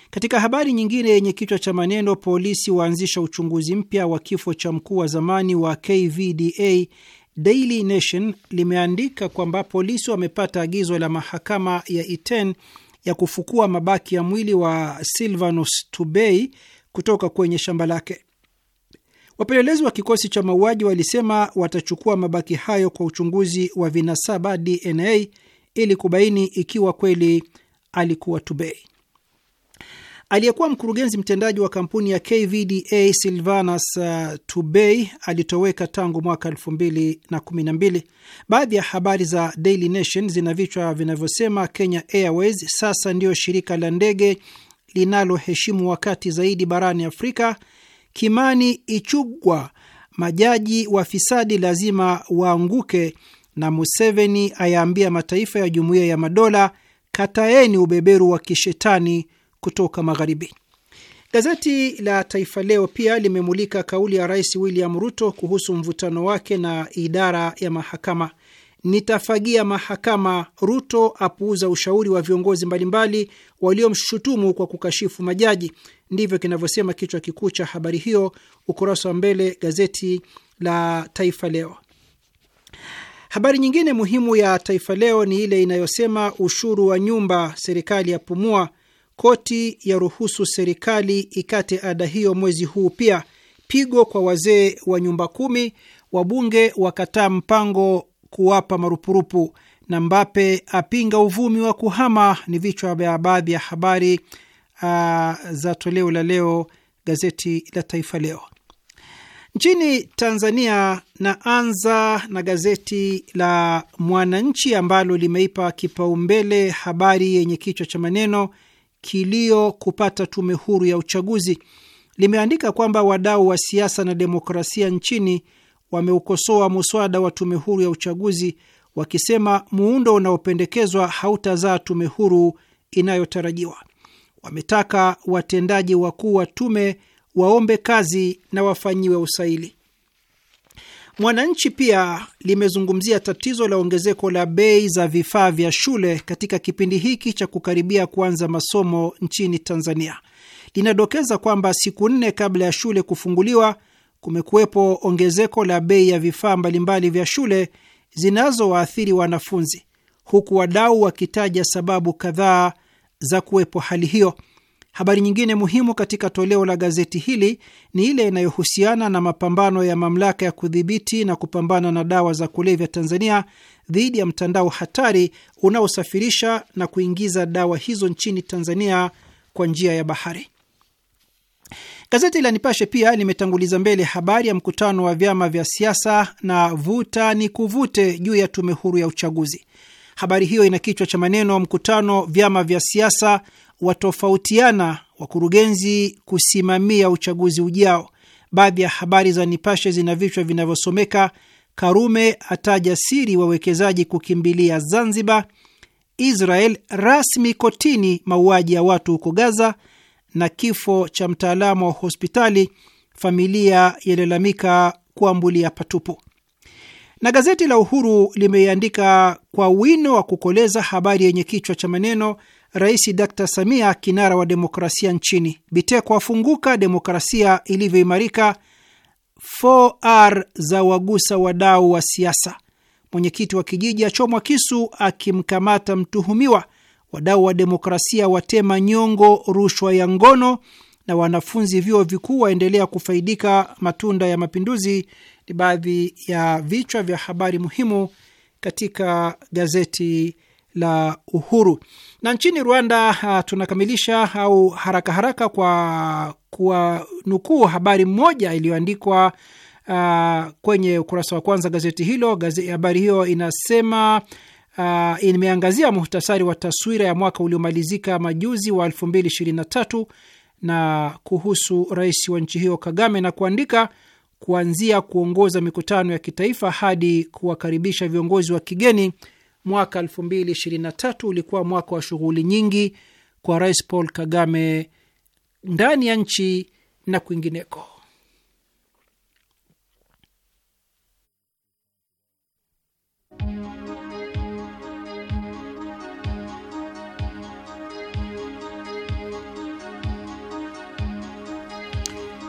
Speaker 2: Katika habari nyingine yenye kichwa cha maneno polisi waanzisha uchunguzi mpya wa kifo cha mkuu wa zamani wa KVDA, Daily Nation limeandika kwamba polisi wamepata agizo la mahakama ya Iten ya kufukua mabaki ya mwili wa Silvanus Tubei kutoka kwenye shamba lake. Wapelelezi wa kikosi cha mauaji walisema watachukua mabaki hayo kwa uchunguzi wa vinasaba DNA ili kubaini ikiwa kweli alikuwa Tubei. Aliyekuwa mkurugenzi mtendaji wa kampuni ya KVDA Silvanus uh, Tubey alitoweka tangu mwaka mbili Baadhi ya habari za Daily Nation zina vichwa vinavyosema Kenya Airways sasa ndiyo shirika la ndege linaloheshimu wakati zaidi barani Afrika. Kimani Ichugwa, majaji wa fisadi lazima waanguke, na Museveni ayaambia mataifa ya jumuiya ya madola, kataeni ubeberu wa kishetani kutoka magharibi. Gazeti la Taifa Leo pia limemulika kauli ya Rais William Ruto kuhusu mvutano wake na idara ya mahakama. Nitafagia mahakama, Ruto apuuza ushauri wa viongozi mbalimbali waliomshutumu kwa kukashifu majaji. Ndivyo kinavyosema kichwa kikuu cha habari hiyo, ukurasa wa mbele gazeti la Taifa Leo. Habari nyingine muhimu ya Taifa Leo ni ile inayosema ushuru wa nyumba serikali ya pumua Koti ya ruhusu serikali ikate ada hiyo mwezi huu pia. Pigo kwa wazee wa nyumba kumi. Wabunge wakataa mpango kuwapa marupurupu. Na Mbape apinga uvumi wa kuhama. Ni vichwa vya baadhi ya habari uh, za toleo la leo gazeti la Taifa Leo. Nchini Tanzania naanza na gazeti la Mwananchi ambalo limeipa kipaumbele habari yenye kichwa cha maneno kilio kupata tume huru ya uchaguzi limeandika kwamba wadau wa siasa na demokrasia nchini wameukosoa muswada wa tume huru ya uchaguzi wakisema muundo unaopendekezwa hautazaa tume huru inayotarajiwa. Wametaka watendaji wakuu wa tume waombe kazi na wafanyiwe usaili. Mwananchi pia limezungumzia tatizo la ongezeko la bei za vifaa vya shule katika kipindi hiki cha kukaribia kuanza masomo nchini Tanzania. Linadokeza kwamba siku nne kabla ya shule kufunguliwa kumekuwepo ongezeko la bei ya vifaa mbalimbali vya shule zinazowaathiri wanafunzi, huku wadau wakitaja sababu kadhaa za kuwepo hali hiyo. Habari nyingine muhimu katika toleo la gazeti hili ni ile inayohusiana na mapambano ya mamlaka ya kudhibiti na kupambana na dawa za kulevya Tanzania dhidi ya mtandao hatari unaosafirisha na kuingiza dawa hizo nchini Tanzania kwa njia ya bahari. Gazeti la Nipashe pia limetanguliza mbele habari ya mkutano wa vyama vya siasa na vuta ni kuvute juu ya tume huru ya uchaguzi. Habari hiyo ina kichwa cha maneno mkutano vyama vya siasa watofautiana wakurugenzi kusimamia uchaguzi ujao. Baadhi ya habari za Nipashe zina vichwa vinavyosomeka Karume ataja siri wawekezaji kukimbilia Zanzibar, Israel rasmi kotini mauaji ya watu huko Gaza, na kifo cha mtaalamu wa hospitali, familia yalilalamika kuambulia patupu. Na gazeti la Uhuru limeiandika kwa wino wa kukoleza habari yenye kichwa cha maneno Rais Dr Samia, kinara wa demokrasia nchini. Biteko afunguka demokrasia ilivyoimarika. 4R za wagusa wadau wa siasa. Mwenyekiti wa kijiji achomwa kisu akimkamata mtuhumiwa. Wadau wa demokrasia watema nyongo rushwa ya ngono, na wanafunzi vyuo vikuu waendelea kufaidika matunda ya mapinduzi. Ni baadhi ya vichwa vya habari muhimu katika gazeti la Uhuru. Na nchini Rwanda uh, tunakamilisha au haraka haraka kwa kuwanukuu habari moja iliyoandikwa uh, kwenye ukurasa wa kwanza gazeti hilo. Gazeti, habari hiyo inasema uh, imeangazia muhtasari wa taswira ya mwaka uliomalizika majuzi wa 2023 na kuhusu rais wa nchi hiyo Kagame na kuandika kuanzia kuongoza mikutano ya kitaifa hadi kuwakaribisha viongozi wa kigeni mwaka 2023 ulikuwa mwaka wa shughuli nyingi kwa Rais Paul Kagame ndani ya nchi na kwingineko.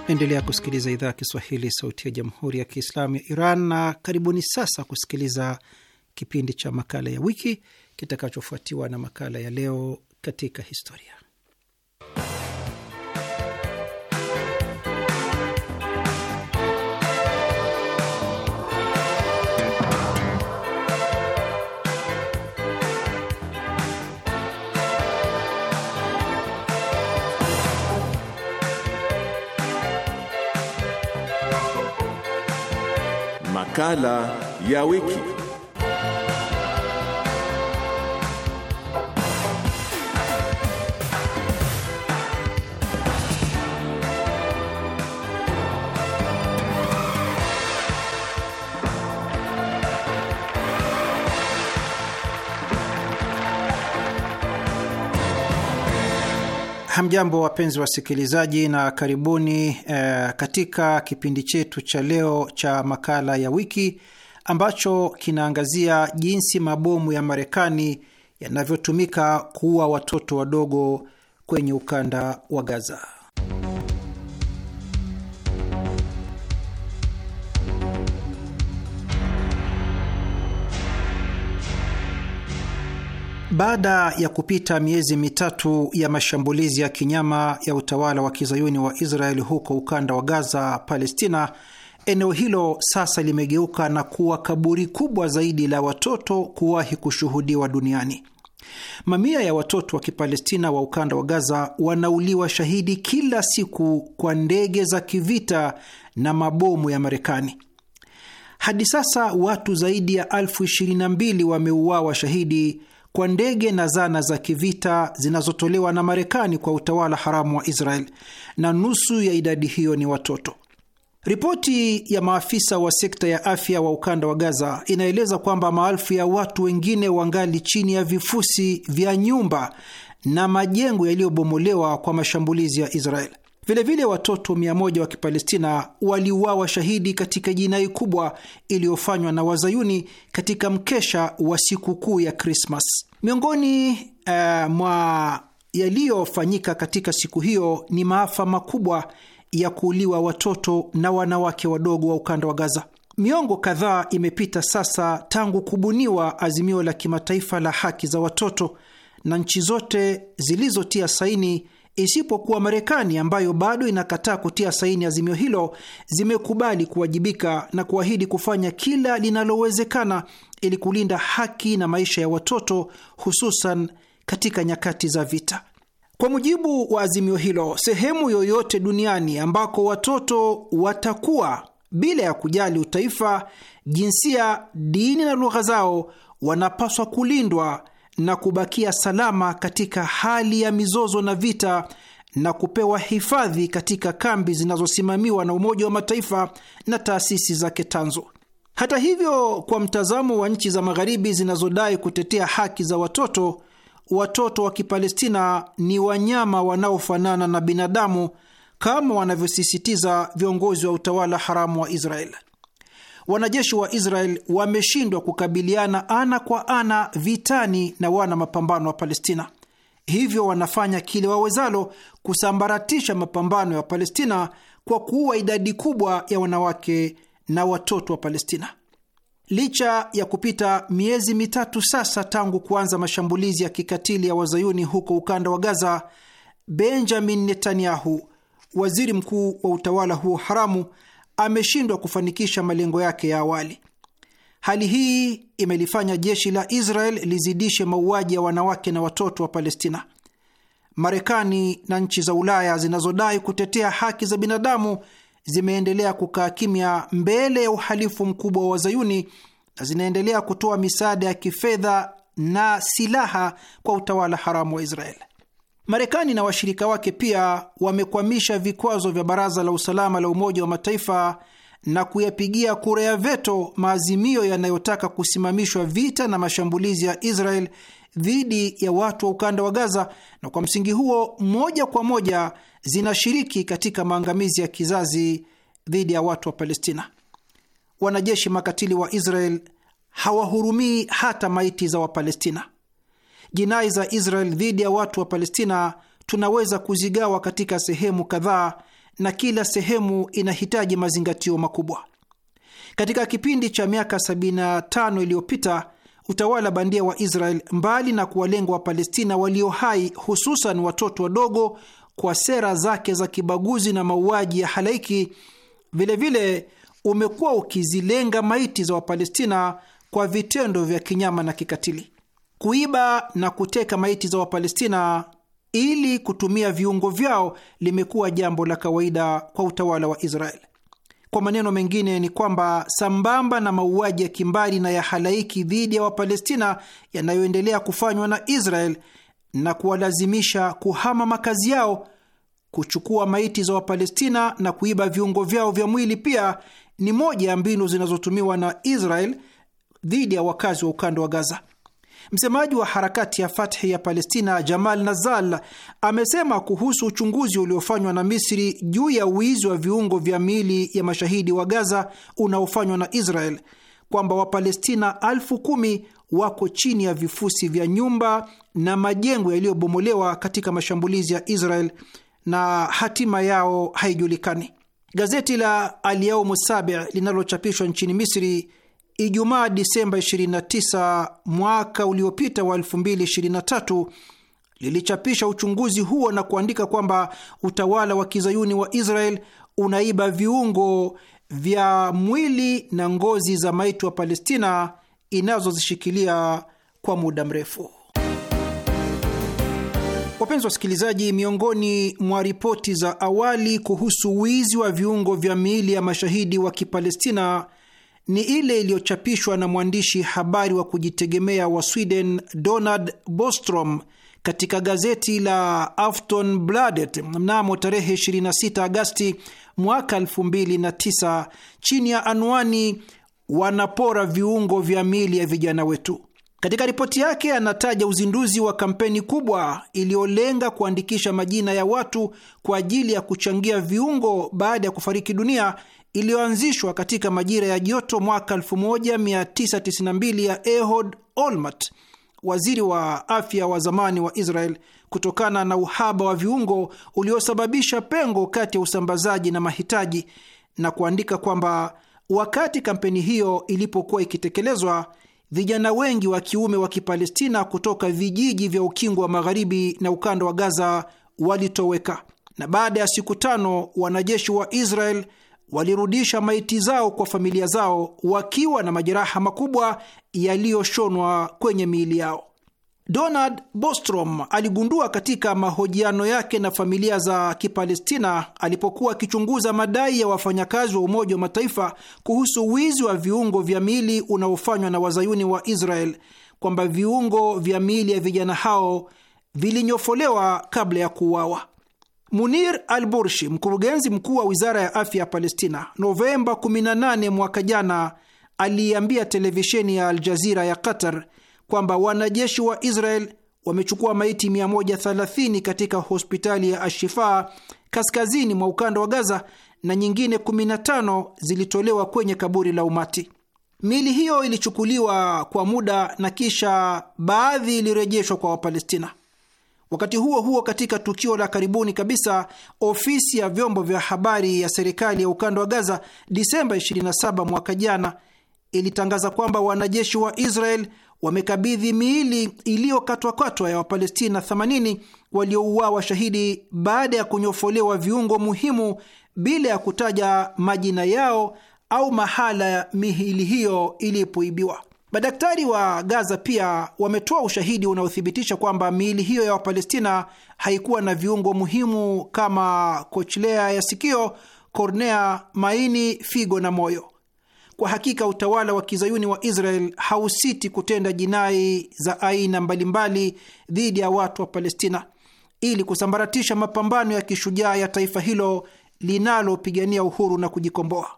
Speaker 2: Naendelea kusikiliza idhaa ya Kiswahili, sauti ya jamhuri ya kiislamu ya Iran, na karibuni sasa kusikiliza kipindi cha makala ya wiki kitakachofuatiwa na makala ya leo katika historia.
Speaker 4: Makala ya wiki.
Speaker 2: Hamjambo, wapenzi wasikilizaji, na karibuni eh, katika kipindi chetu cha leo cha makala ya wiki ambacho kinaangazia jinsi mabomu ya Marekani yanavyotumika kuua watoto wadogo kwenye ukanda wa Gaza. Baada ya kupita miezi mitatu ya mashambulizi ya kinyama ya utawala wa kizayuni wa Israeli huko ukanda wa Gaza, Palestina, eneo hilo sasa limegeuka na kuwa kaburi kubwa zaidi la watoto kuwahi kushuhudiwa duniani. Mamia ya watoto wa Kipalestina wa ukanda wa Gaza wanauliwa shahidi kila siku kwa ndege za kivita na mabomu ya Marekani. Hadi sasa watu zaidi ya elfu ishirini na mbili wameuawa shahidi kwa ndege na zana za kivita zinazotolewa na Marekani kwa utawala haramu wa Israel, na nusu ya idadi hiyo ni watoto. Ripoti ya maafisa wa sekta ya afya wa ukanda wa Gaza inaeleza kwamba maelfu ya watu wengine wangali chini ya vifusi vya nyumba na majengo yaliyobomolewa kwa mashambulizi ya Israel. Vilevile watoto 1 wa Kipalestina waliuawa shahidi katika jinai kubwa iliyofanywa na Wazayuni katika mkesha wa sikukuu ya Krismas. Miongoni uh, mwa yaliyofanyika katika siku hiyo ni maafa makubwa ya kuuliwa watoto na wanawake wadogo wa ukanda wa Gaza. Miongo kadhaa imepita sasa tangu kubuniwa azimio la kimataifa la haki za watoto na nchi zote zilizotia saini isipokuwa Marekani ambayo bado inakataa kutia saini azimio hilo, zimekubali kuwajibika na kuahidi kufanya kila linalowezekana ili kulinda haki na maisha ya watoto, hususan katika nyakati za vita. Kwa mujibu wa azimio hilo, sehemu yoyote duniani ambako watoto watakuwa bila ya kujali utaifa, jinsia, dini na lugha zao, wanapaswa kulindwa na kubakia salama katika hali ya mizozo na vita na kupewa hifadhi katika kambi zinazosimamiwa na Umoja wa Mataifa na taasisi zake tanzo. Hata hivyo, kwa mtazamo wa nchi za Magharibi zinazodai kutetea haki za watoto, watoto wa Kipalestina ni wanyama wanaofanana na binadamu kama wanavyosisitiza viongozi wa utawala haramu wa Israeli wanajeshi wa Israel wameshindwa kukabiliana ana kwa ana vitani na wana mapambano wa Palestina, hivyo wanafanya kile wawezalo kusambaratisha mapambano ya Palestina kwa kuua idadi kubwa ya wanawake na watoto wa Palestina. Licha ya kupita miezi mitatu sasa tangu kuanza mashambulizi ya kikatili ya wazayuni huko ukanda wa Gaza, Benjamin Netanyahu, waziri mkuu wa utawala huo haramu, ameshindwa kufanikisha malengo yake ya awali. Hali hii imelifanya jeshi la Israel lizidishe mauaji ya wanawake na watoto wa Palestina. Marekani na nchi za Ulaya zinazodai kutetea haki za binadamu zimeendelea kukaa kimya mbele ya uhalifu mkubwa wa Wazayuni na zinaendelea kutoa misaada ya kifedha na silaha kwa utawala haramu wa Israeli. Marekani na washirika wake pia wamekwamisha vikwazo vya Baraza la Usalama la Umoja wa Mataifa na kuyapigia kura ya veto maazimio yanayotaka kusimamishwa vita na mashambulizi ya Israel dhidi ya watu wa ukanda wa Gaza, na kwa msingi huo moja kwa moja zinashiriki katika maangamizi ya kizazi dhidi ya watu wa Palestina. Wanajeshi makatili wa Israel hawahurumii hata maiti za Wapalestina jinai za Israel dhidi ya watu wa Palestina tunaweza kuzigawa katika sehemu kadhaa na kila sehemu inahitaji mazingatio makubwa. Katika kipindi cha miaka 75 iliyopita utawala bandia wa Israel, mbali na kuwalenga Wapalestina walio hai, hususan watoto wadogo, kwa sera zake za kibaguzi na mauaji ya halaiki, vilevile umekuwa ukizilenga maiti za Wapalestina kwa vitendo vya kinyama na kikatili kuiba na kuteka maiti za Wapalestina ili kutumia viungo vyao limekuwa jambo la kawaida kwa utawala wa israel Kwa maneno mengine ni kwamba sambamba na mauaji ya kimbari na ya halaiki dhidi ya Wapalestina yanayoendelea kufanywa na Israel na kuwalazimisha kuhama makazi yao, kuchukua maiti za Wapalestina na kuiba viungo vyao vya mwili pia ni moja ya mbinu zinazotumiwa na Israel dhidi ya wakazi wa ukanda wa Gaza. Msemaji wa harakati ya Fathi ya Palestina, Jamal Nazal, amesema kuhusu uchunguzi uliofanywa na Misri juu ya wizi wa viungo vya miili ya mashahidi wa Gaza unaofanywa na Israel kwamba Wapalestina elfu kumi wako chini ya vifusi vya nyumba na majengo yaliyobomolewa katika mashambulizi ya Israel na hatima yao haijulikani. Gazeti la Alyaumu Sabi linalochapishwa nchini Misri Ijumaa Disemba 29 mwaka uliopita wa 2023 lilichapisha uchunguzi huo na kuandika kwamba utawala wa kizayuni wa Israel unaiba viungo vya mwili na ngozi za maiti wa Palestina inazozishikilia kwa muda mrefu. Wapenzi wasikilizaji, miongoni mwa ripoti za awali kuhusu wizi wa viungo vya miili ya mashahidi wa Kipalestina ni ile iliyochapishwa na mwandishi habari wa kujitegemea wa Sweden Donald Bostrom katika gazeti la Aftonbladet mnamo tarehe 26 Agasti mwaka 2009 chini ya anwani wanapora viungo vya miili ya vijana wetu. Katika ripoti yake anataja uzinduzi wa kampeni kubwa iliyolenga kuandikisha majina ya watu kwa ajili ya kuchangia viungo baada ya kufariki dunia iliyoanzishwa katika majira ya joto mwaka 1992 ya Ehud Olmert, waziri wa afya wa zamani wa Israel, kutokana na uhaba wa viungo uliosababisha pengo kati ya usambazaji na mahitaji, na kuandika kwamba wakati kampeni hiyo ilipokuwa ikitekelezwa vijana wengi wa kiume wa Kipalestina kutoka vijiji vya ukingo wa magharibi na ukanda wa Gaza walitoweka, na baada ya siku tano wanajeshi wa Israel walirudisha maiti zao kwa familia zao wakiwa na majeraha makubwa yaliyoshonwa kwenye miili yao. Donald Bostrom aligundua katika mahojiano yake na familia za Kipalestina alipokuwa akichunguza madai ya wafanyakazi wa Umoja wa Mataifa kuhusu wizi wa viungo vya miili unaofanywa na wazayuni wa Israel kwamba viungo vya miili ya vijana hao vilinyofolewa kabla ya kuuawa. Munir al Burshi, mkurugenzi mkuu wa wizara ya afya ya Palestina, Novemba 18 mwaka jana, aliiambia televisheni ya Aljazira ya Qatar kwamba wanajeshi wa Israel wamechukua maiti 130 katika hospitali ya Ashifa kaskazini mwa ukanda wa Gaza na nyingine 15 zilitolewa kwenye kaburi la umati. Miili hiyo ilichukuliwa kwa muda na kisha baadhi ilirejeshwa kwa Wapalestina. Wakati huo huo, katika tukio la karibuni kabisa, ofisi ya vyombo vya habari ya serikali ya ukanda wa Gaza Disemba 27 mwaka jana ilitangaza kwamba wanajeshi wa Israel wamekabidhi miili iliyokatwakatwa ya Wapalestina 80 waliouawa shahidi baada ya kunyofolewa viungo muhimu bila ya kutaja majina yao au mahala mihili hiyo ilipoibiwa. Madaktari wa Gaza pia wametoa ushahidi unaothibitisha kwamba miili hiyo ya Wapalestina haikuwa na viungo muhimu kama kochlea ya sikio, kornea, maini, figo na moyo. Kwa hakika utawala wa kizayuni wa Israel hausiti kutenda jinai za aina mbalimbali dhidi ya watu wa Palestina ili kusambaratisha mapambano ya kishujaa ya taifa hilo linalopigania uhuru na kujikomboa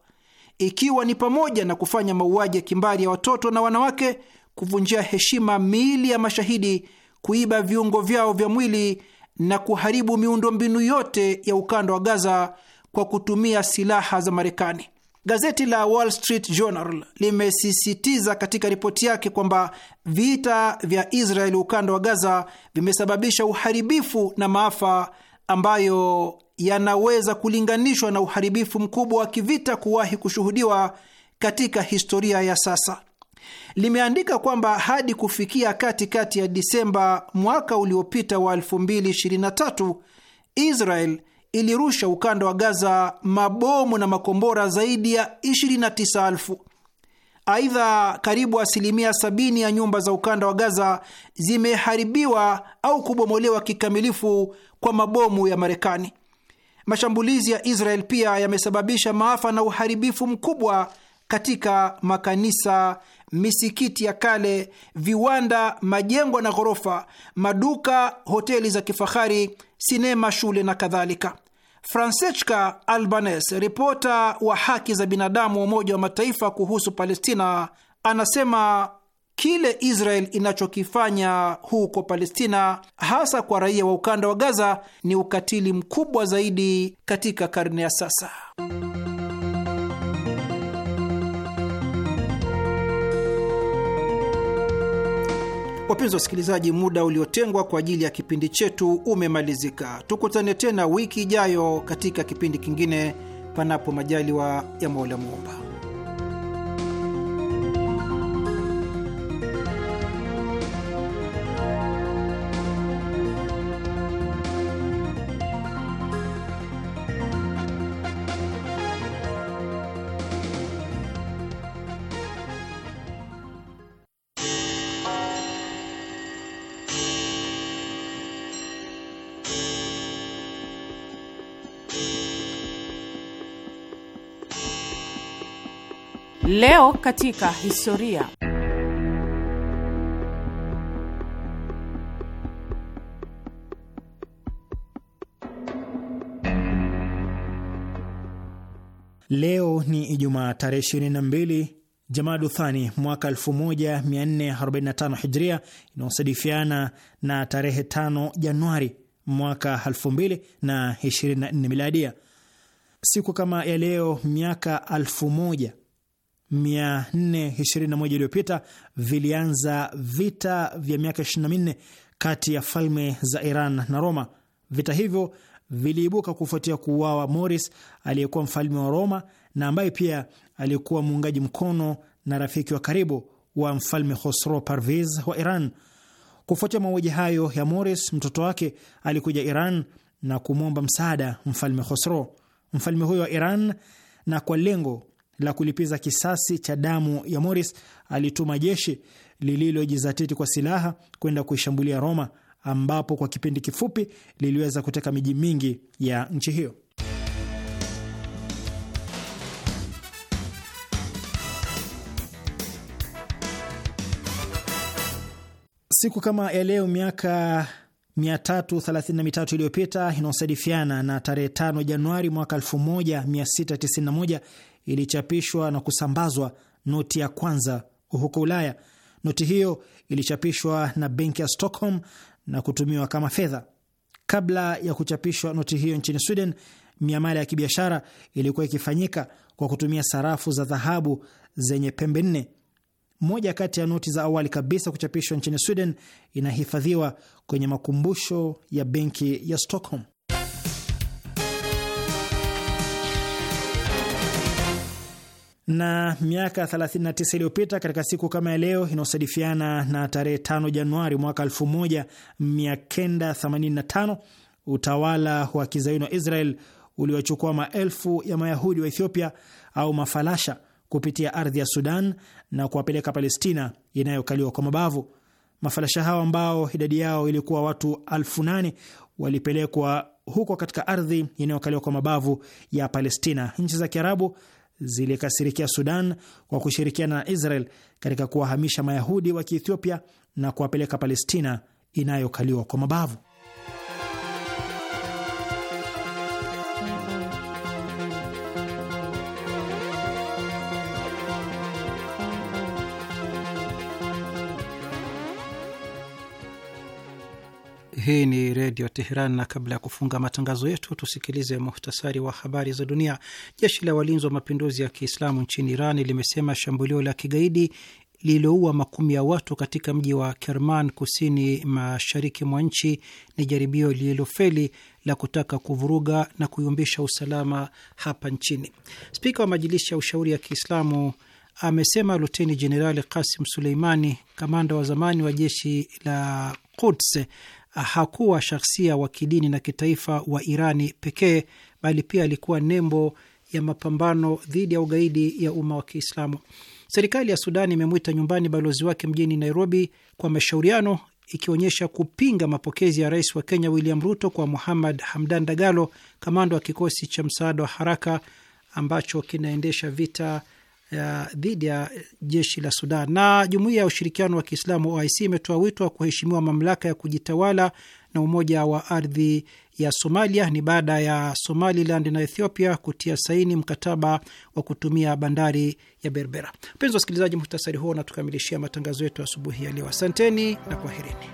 Speaker 2: ikiwa ni pamoja na kufanya mauaji ya kimbari ya watoto na wanawake, kuvunjia heshima miili ya mashahidi, kuiba viungo vyao vya mwili na kuharibu miundombinu yote ya ukanda wa Gaza kwa kutumia silaha za Marekani. Gazeti la Wall Street Journal limesisitiza katika ripoti yake kwamba vita vya Israeli ukanda wa Gaza vimesababisha uharibifu na maafa ambayo yanaweza kulinganishwa na uharibifu mkubwa wa kivita kuwahi kushuhudiwa katika historia ya sasa. Limeandika kwamba hadi kufikia katikati kati ya Disemba mwaka uliopita wa 2023 Israel ilirusha ukanda wa Gaza mabomu na makombora zaidi ya 29,000. Aidha, karibu asilimia 70 ya nyumba za ukanda wa Gaza zimeharibiwa au kubomolewa kikamilifu kwa mabomu ya Marekani. Mashambulizi ya Israel pia yamesababisha maafa na uharibifu mkubwa katika makanisa, misikiti ya kale, viwanda, majengo na ghorofa, maduka, hoteli za kifahari, sinema, shule na kadhalika. Francesca Albanese, ripota wa haki za binadamu wa Umoja wa Mataifa kuhusu Palestina, anasema kile Israel inachokifanya huko Palestina, hasa kwa raia wa ukanda wa Gaza, ni ukatili mkubwa zaidi katika karne ya sasa. Wapenzi wasikilizaji, muda uliotengwa kwa ajili ya kipindi chetu umemalizika. Tukutane tena wiki ijayo katika kipindi kingine, panapo majaliwa ya Mola Muumba.
Speaker 1: Leo katika historia.
Speaker 4: Leo ni Ijumaa tarehe 22 Jamadu Thani mwaka 1445 Hijria, inayosadifiana na tarehe 5 Januari mwaka 2024 Miladia. Siku kama ya leo miaka 1000 421 iliyopita vilianza vita vya miaka 24 kati ya falme za Iran na Roma. Vita hivyo viliibuka kufuatia kuuawa Moris aliyekuwa mfalme wa Roma na ambaye pia alikuwa muungaji mkono na rafiki wa karibu wa mfalme hosro Parviz wa Iran. Kufuatia mauaji hayo ya Moris, mtoto wake alikuja Iran na kumwomba msaada mfalme hosro Mfalme huyo wa Iran, na kwa lengo la kulipiza kisasi cha damu ya Moris alituma jeshi lililojizatiti kwa silaha kwenda kuishambulia Roma, ambapo kwa kipindi kifupi liliweza kuteka miji mingi ya nchi hiyo. Siku kama ya leo miaka 333 iliyopita inaosadifiana na tarehe 5 Januari mwaka 1691 ilichapishwa na kusambazwa noti ya kwanza huko Ulaya. Noti hiyo ilichapishwa na benki ya Stockholm na kutumiwa kama fedha. Kabla ya kuchapishwa noti hiyo nchini Sweden, miamala ya kibiashara ilikuwa ikifanyika kwa kutumia sarafu za dhahabu zenye pembe nne. Moja kati ya noti za awali kabisa kuchapishwa nchini Sweden inahifadhiwa kwenye makumbusho ya benki ya Stockholm. na miaka 39 iliyopita katika siku kama ya leo inayosadifiana na tarehe 5 Januari mwaka 1985 utawala wa kizayuni wa Israel uliwachukua maelfu ya Mayahudi wa Ethiopia au mafalasha kupitia ardhi ya Sudan na kuwapeleka Palestina inayokaliwa kwa mabavu. Mafalasha hao ambao idadi yao ilikuwa watu elfu nane walipelekwa huko katika ardhi inayokaliwa kwa mabavu ya Palestina. Nchi za Kiarabu zilikasirikia Sudan kwa kushirikiana na Israel katika kuwahamisha Mayahudi wa Kiethiopia na kuwapeleka Palestina inayokaliwa kwa mabavu.
Speaker 2: Hii ni Redio Teheran, na kabla ya kufunga matangazo yetu tusikilize muhtasari wa habari za dunia. Jeshi la walinzi wa mapinduzi ya Kiislamu nchini Iran limesema shambulio la kigaidi lililoua makumi ya watu katika mji wa Kerman kusini mashariki mwa nchi ni jaribio lililofeli la kutaka kuvuruga na kuyumbisha usalama hapa nchini. Spika wa Majilisi ya Ushauri ya Kiislamu amesema Luteni Jenerali Kasim Suleimani, kamanda wa zamani wa jeshi la Quds, hakuwa shahsia wa kidini na kitaifa wa Irani pekee, bali pia alikuwa nembo ya mapambano dhidi ya ugaidi ya umma wa Kiislamu. Serikali ya Sudani imemwita nyumbani balozi wake mjini Nairobi kwa mashauriano, ikionyesha kupinga mapokezi ya rais wa Kenya William Ruto kwa Muhammad Hamdan Dagalo, kamanda wa kikosi cha msaada wa haraka ambacho kinaendesha vita dhidi ya jeshi la Sudan. Na jumuiya ya ushirikiano wa Kiislamu OIC imetoa wito wa kuheshimiwa mamlaka ya kujitawala na umoja wa ardhi ya Somalia. Ni baada ya Somaliland na Ethiopia kutia saini mkataba wa kutumia bandari ya Berbera. Mpenzi wa wasikilizaji, muhtasari huo unatukamilishia matangazo yetu asubuhi ya leo. Asanteni na kwaherini.